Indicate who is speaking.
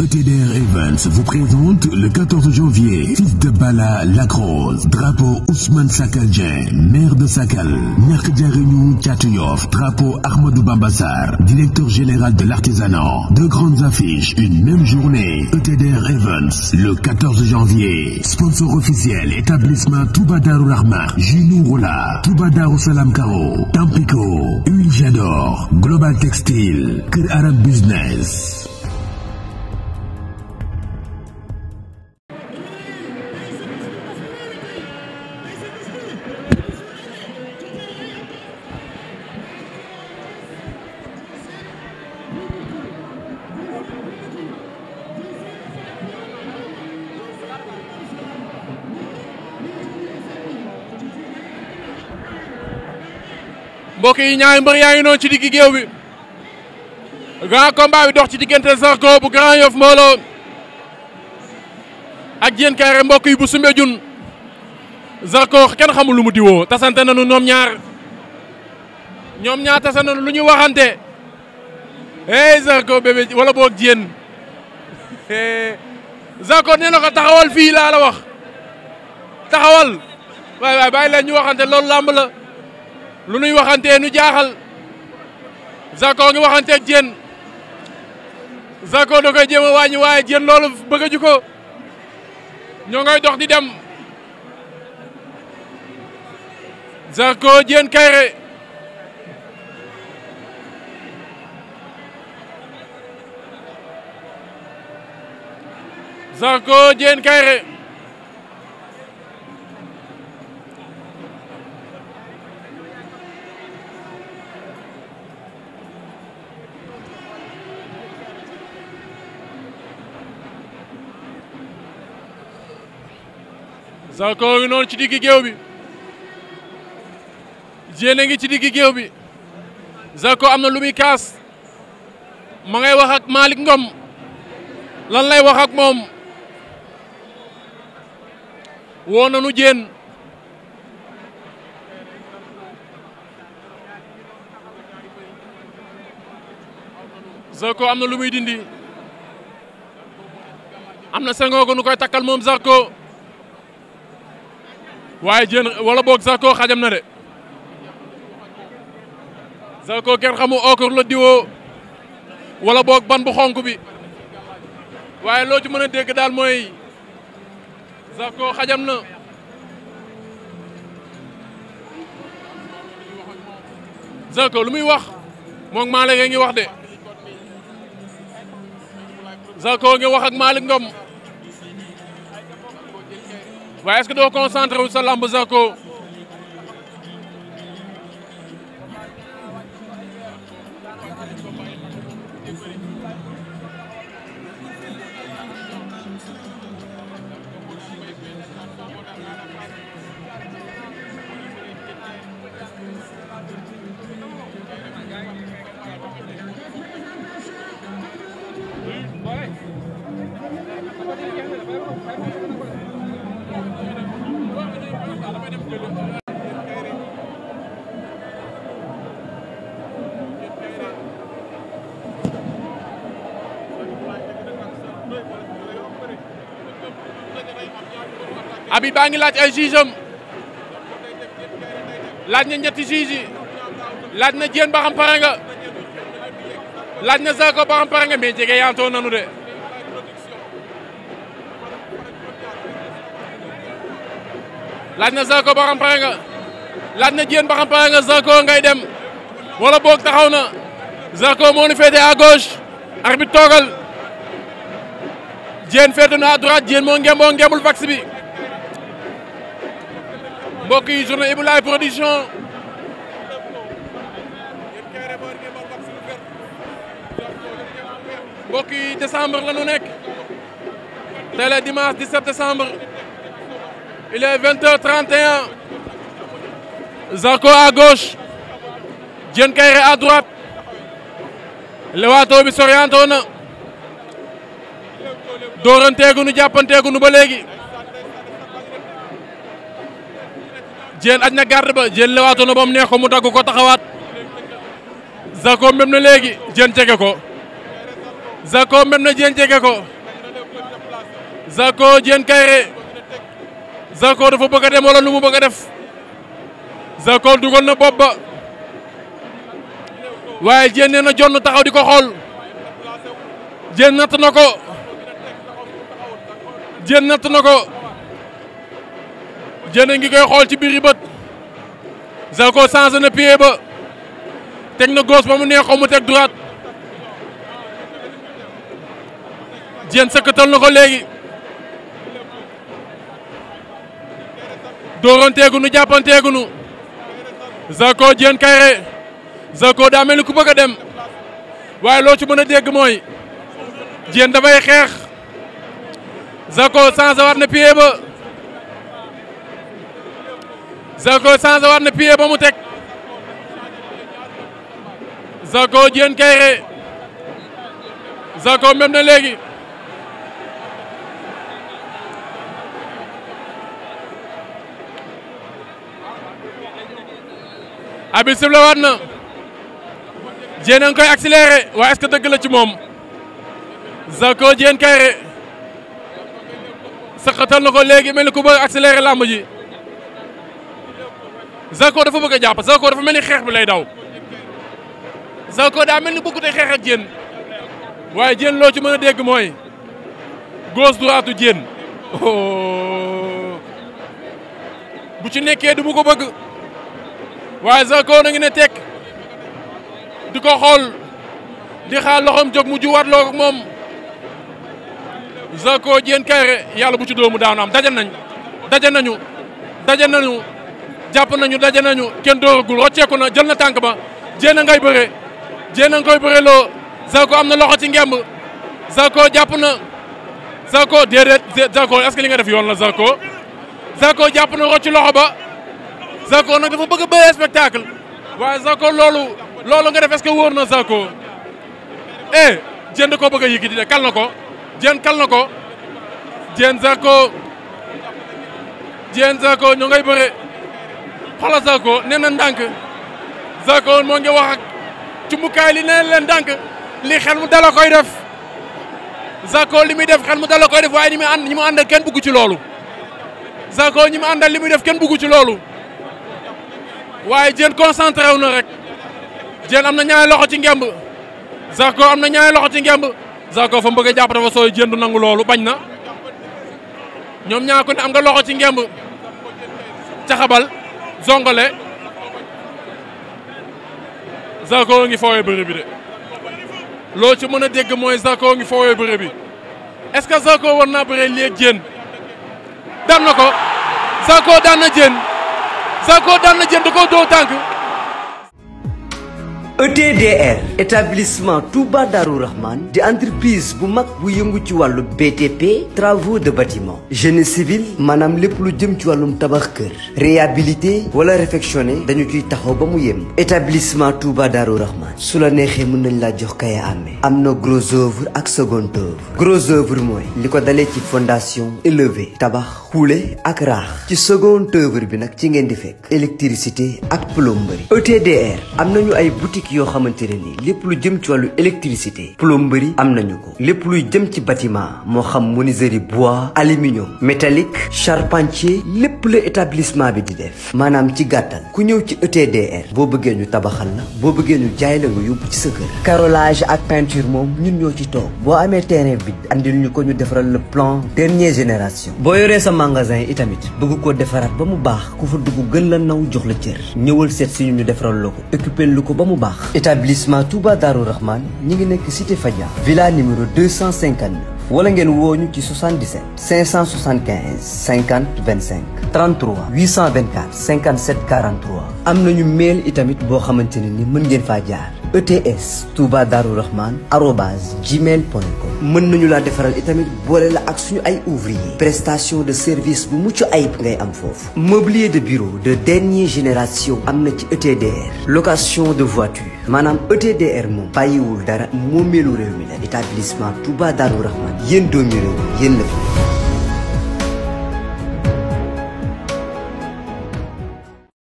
Speaker 1: ETDR Events vous présente le 14 janvier, fils de Bala Lacrosse, drapeau Ousmane Sakaljen, maire de Sakal, Réunion Tchatouyov, drapeau Ahmadou Bambassar, directeur général de l'artisanat. Deux grandes affiches, une même journée, ETDR Events, le 14 janvier, sponsor officiel, établissement Toubadar Rahmar, Junou Rola, Toubadar Salam Karo, Tampico, Huile Global Textile, Kir Arab Business. mbokk yi ñaari mbër yaa ngi noonu ci diggi géew bi grand combat bi dox ci diggante Zarko bu Grand Yoff Mbooloo ak Diène Kaïré mbokk yi bu Soumbédioune Zarko kenn xamul lu mu diwoo tasante nañu ñoom ñaar ñoom ñaar tasa nañu lu ñu waxante hey Zarko bébé wala boog Diène Zarko nee na ko taxawal fii laa la wax taxawal waay waay bàyyi leen ñu waxante loolu làmb la. lu nuy waxantee nu jaaxal Zarko ngi waxanteeg Diène Zarko da koy jéem a wàññi waaye Diène loolu bëgg a ko ñoo ngay dox di dem Zarko Diène Kaïré Zarko Diène Kaïré Zarko ngi noonu ci diggi géew bi Diéne ngi ci diggi géew bi Zarko am na lu muy kaas ma ngay wax ak Malick Ngom lan lay wax ak moom woo nanu Diéne Zarko am na lu muy dindi am na sengoo ko nu koy takkal moom Zarko waaye jën wala boog Zarko xajam na de Zarko kenn xamu okor la diwoo wala boog ban bu xonk bi waaye loo ci mën a dégg daal mooy Zarko xajam na Zarko lu muy wax moom Malick a ngi wax de Zarko ngi wax ak Malick Ngom waaye est que doo concentré wu sa lamb Zarko Thank you. abi baa ngi laaj ay juge laaj na ñetti juge laaj na Diène ba xam laaj na Zarko ba xam pare nga mais de ladna Zako Zarko ba ladna pare nga laaj zako ngay dem wala bok taxawna zako mo à gauche arbitre Togal. Djien féete na à droite Diène mon ngemboo ngemul vax bi yi journée Ibou Laye production Boki yi décembre la nu nek dimanche 17 décembre Il est 20h31. Zarko à gauche. Diène Kairé à droite. Leewtoo bi soriantoo na. jàppanteegunu ba léegi. Diène aj na garde ba Diène Leewtoo na ba mu neex ko mu dagg ko taxawaat. Zarko mbem na léegi Diène jege ko. Zarko mbem na Diène jege ko. Zarko Diène Kairé. zako dafa bëgg dem wala nu mu bëgg def zako dugal na bobba waye waaye na jonn taxaw di xol jennat nako jennat nako ko ngi koy xol ci biir beut zako sans na pied ba tek na gauche ba mu neexoo mu tek droite jenn sekkatal nako ko dóoranteegunu jàppanteegunu Zarko Diène Kairé Zarko daa mel ni ku bëgg a dem waaye loo ci mën a dégg mooy Diène dafay xeex Zarko changé waat na ba Zarko changé waat na pied ba mu teg Zarko Diène Kairé Zarko même na léegi abi sif la waat na Diène koy accéléré waaye est dëgg la ci moom Zarko Diène Kairé saqatal na ko léegi mel ni ku bëgg accéléré làmb ji Zarko dafa bëgg a jàpp Zarko dafa mel ni xeex bi lay daw Zarko daa mel ni bëggute xeex ak Diène waaye Diène loo ci mën a dégg mooy gauche droite Diène oh. bu ci nekkee du mu ko bëgg waaye Zarko na ngi ne tekk di ko xool di xaar loxoom jóg mu juwaat loo ak moom Zarko Diène Kaïré yàlla bu ci doomu daanu am daje nañ daje nañu daje nañu jàpp nañu daje nañu kenn dooragul rocceeku na jël na tànk ba Diène a ngay bëre Diène ngay bëre loo Zarko am na loxo ci ngemb Zarko jàpp na Zarko déedéet Zarko est li nga def yoon la Zarko Zarko jàpp na rocc loxo ba Zarko nag dafa bëgg a bëyee spectacle waaye Zarko loolu loolu nga def est-ce na Zarko eh jën da koo bëgg de kal na ko jën kal na ko jën Zarko jën Zarko ñu ngay bëre xoolal Zarko nee na ndànk Zarko moo ngi wax cumbukaay li nee leen ndànk li xel mu dala koy def Zarko li muy def xel mu dala koy def waaye ñi mu ànd kenn bugg ci loolu Zarko ñi mu àndal li muy def kenn bugg ci loolu waaye Diène concentré wu na rek Diène am na ñaari loxo ci ngemb Zarko am na ñaari loxo ci ngemb Zarko fa mu bëgg a jàpp dafa sooy Diène nangu loolu bañ na ñoom ñaar ku ne am nga loxo ci ngemb caxabal zongole Zarko ngi foowee bëre de loo ci mën a dégg mooy Zarko ngi foowee bëre bi est-ce que Zarko war naa bëree léegi Diène daan na ko Zarko daan na Zarko daan na jënd ko doo tànk.
Speaker 2: ETDR. établissement Touba Darou Rahman d'entreprise entreprise bu mag bu BTP travaux de bâtiment génie civil manam le lu jëm ci wàllum tabax kër réhabilité wala réfectionné dañu ciy taxaw établissement Touba Darou Rahman Soula la neige mën nañ laa jox kaya gros œuvre ak second œuvre gros œuvre mooy li fondation élevée, Tabak, houle, ak raax ci second œuvre bi nag ci ngeen di électricité ak plomberie ETDR am nañu ay boutique yoo lépp lu jëm ci walu électricité plomberie am nañu ko lépp luy jëm ci bâtiment mo xam menuiserie bois aluminium métallique charpentier lepp le établissement bi di def manam ci gàttal ku ñew ci ETDR bo bëggee ñu tabaxal la bo bëggee ñu jaay la nga yóbbu ci sa kër carrelage ak peinture moom ñun ñoo ci tok bo amé terrain vide andil ñu ko ñu defaral le plan dernière génération bo yoré sa magasin itamit bëgg ko defaraat ba mu baax ku fa dugg gën la naw jox la cër ñëwal set si ñu defaral lako occuper occupé lu ko ba mu baax établissement Touba Darou Rahman ñi ngi nekk cité Fadia villa numéro 259 wala ngeen wooñu ci 77 575 50 25 33 824 57 43 am nañu mail itamit boo xamante ne ni mën ngeen faa jaar ETS Touba Darou Rahman arobase gmail.com mën nañu defaral itamit boole la ak suñu ay ouvrier prestation de service bu mucc ayib ngay am mobilier de bureau de dernière génération am ETDR location de voiture MANAM ETDR moom bàyyiwul dara moomeelu réew mi la établissement Touba Darou Rahman yéen doomi réew